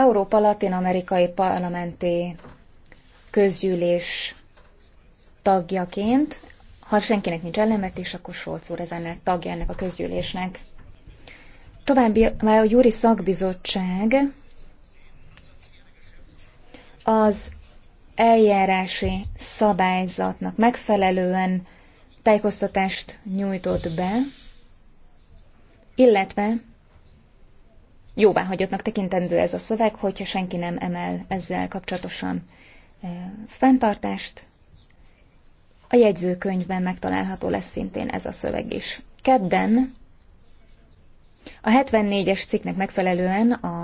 Európa latin-amerikai parlamenti közgyűlés tagjaként, ha senkinek nincs ellenvetés, akkor Solc úr ezennel tagja ennek a közgyűlésnek. További már a Júri Szakbizottság az eljárási szabályzatnak megfelelően tájékoztatást nyújtott be, illetve jóváhagyottnak tekintendő ez a szöveg, hogyha senki nem emel ezzel kapcsolatosan e, fenntartást. A jegyzőkönyvben megtalálható lesz szintén ez a szöveg is. Kedden a 74-es cikknek megfelelően a